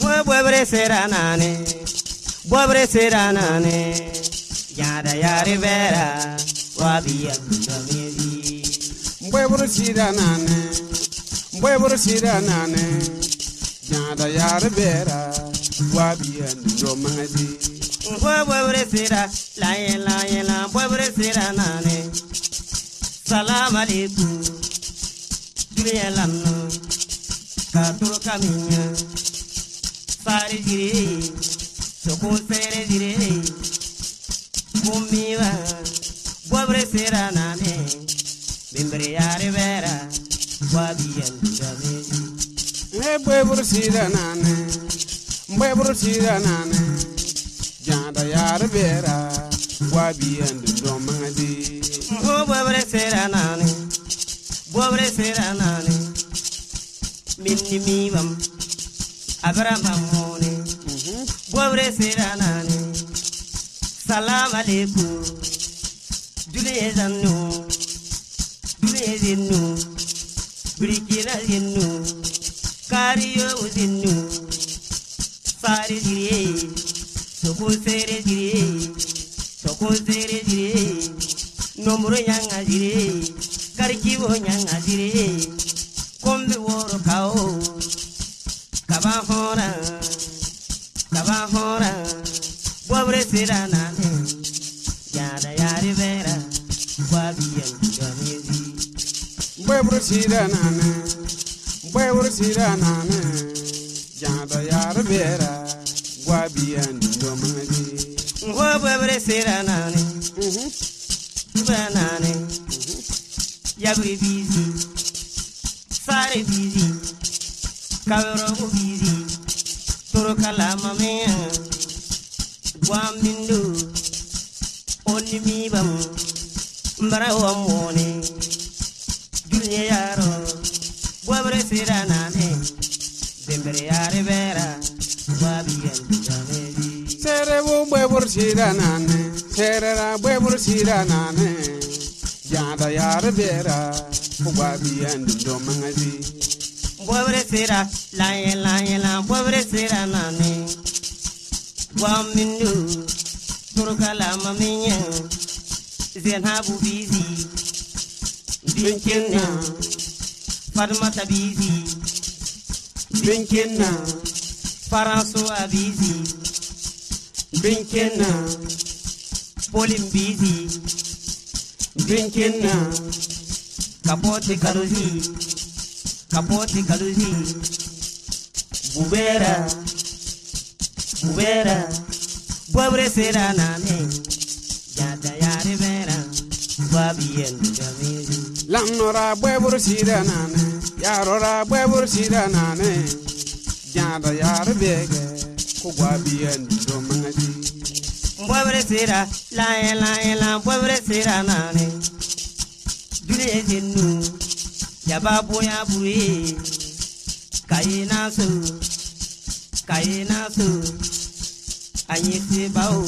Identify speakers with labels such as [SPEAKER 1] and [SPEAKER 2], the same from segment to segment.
[SPEAKER 1] Bobre seranane, bobre seranane, yada yari vera, wabi ya Bobre seranane
[SPEAKER 2] bwebr sɩda nane
[SPEAKER 1] yãada yaar bɛɛra waa bia nindo maŋadi bwe bwebr sɩda la yẽla yẽla bwebr sɩda nane salam aleikum dũniyã lamno ka tʋr ka minya saare zire sokʋʋ sɛɛrɛ zire bũmb miiba bwebr sɩda nane bĩmbr yaare bɛɛra wabiyan jami ne boy bur sida nane boy bur sida
[SPEAKER 2] janda yar bera wabiyan do mangadi
[SPEAKER 1] o boy bur sida nane boy bur sida nane minni mi bam salam alaikum duniya zannu birikina zinu, kariyo zinu. sari ziriye soko sere ziriye soko sere ziriye nomuro nyanga ziriye karikibo nyanga ziriye kombi woro kao kaba hora kaba sirana
[SPEAKER 2] sira nane bwewur sira nane jãada yaar bɛɛra goa biyan dɔmŋadi
[SPEAKER 1] fo bwɛbre sira nane mhm. bɛ nane yabre biizi saare biizi kawerɔgo biizi torokalama meã goam mindo oni nimi bam mbara wa mɔɔne ye yaro bobre sira nane dembre yare vera wabi
[SPEAKER 2] yandu sere wo bwebur sira nane sere ra bwebur sira nane yada yare vera wabi yandu domangazi
[SPEAKER 1] bobre sira la ye la ye la bobre sira nane wamindu turkala maminye zenhabu bizi Drinking now. Fatumata busy. Drinking now. Faraso are busy. Drinking now. polim busy. Drinking now. Kapote kaluzi. Kapote kaluzi. Bubera. Bubera. Pobre será na mente. Ya te ya rivera. Va bien,
[SPEAKER 2] lamnora bwebur sida nane yarora bwebur sida nane jada yar bege ko gwa biyan do mangaji
[SPEAKER 1] bwebur sida la la la bwebur sida nane dule jenu yaba boya buye kayina so kayina so anyi se bawo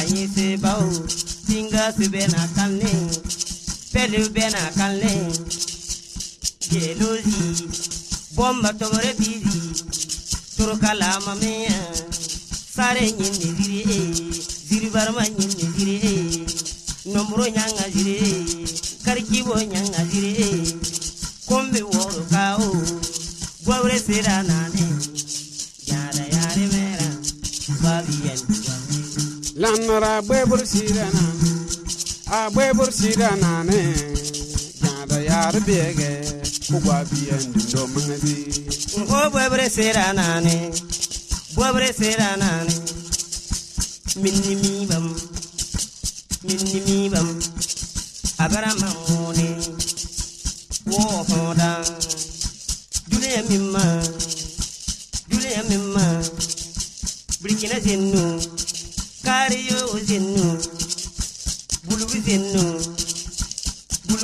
[SPEAKER 1] anyi se bawo tinga se bena pɛliw bɛna kan lɛ jelozi bɔmba tɔbɔrɛ bizi turukalama miya sare ɲin ni ziri e ziribarima ɲin ni ziri e nɔmuro nyanga ziri e karikibo ɲanga ziri e kombi wɔɔrɔ ka o gwawure sera naani yaara yaare mɛra babi yɛn lamara gbɛburu a bwe bur sida nane
[SPEAKER 2] yar biege kugwa biyen dindo mangadi
[SPEAKER 1] o bwe bur sida nane bwe minni mi minni mi bam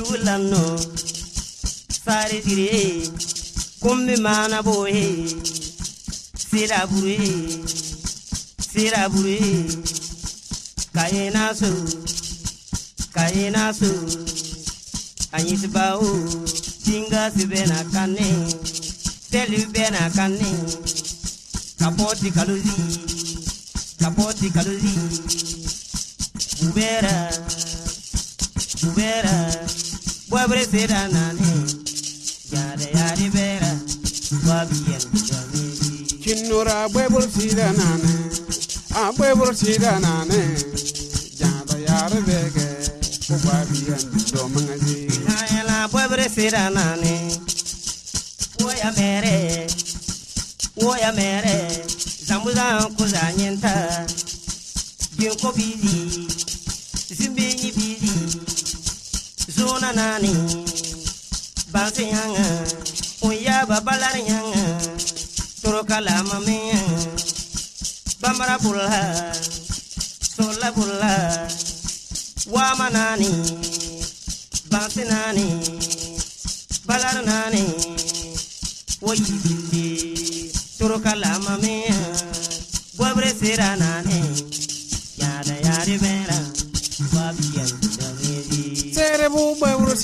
[SPEAKER 1] bulu lanno sare dire kombe mana boe, sira bure sira bure kayena so kayena so anyis bawo tinga sibena kane, telu bena kane, kapoti kaluzi kapoti kaluzi ubera kubera bwaburesera nane yare yare bera bwabiyen kugamiri kinura bweburesera nane a bweburesera nane
[SPEAKER 2] yare yare bege bwabiyen kugamiri
[SPEAKER 1] hayala bweburesera nane woya mere woya mere zambuzan kuzanyenta jinko bili zimbinyi bili tona nani bansi yanga unyaba balari yanga turokala mami bambara bulla sola bulla wama nani bansi nani
[SPEAKER 2] balar nani
[SPEAKER 1] wayi bindi mami yanga
[SPEAKER 2] bobre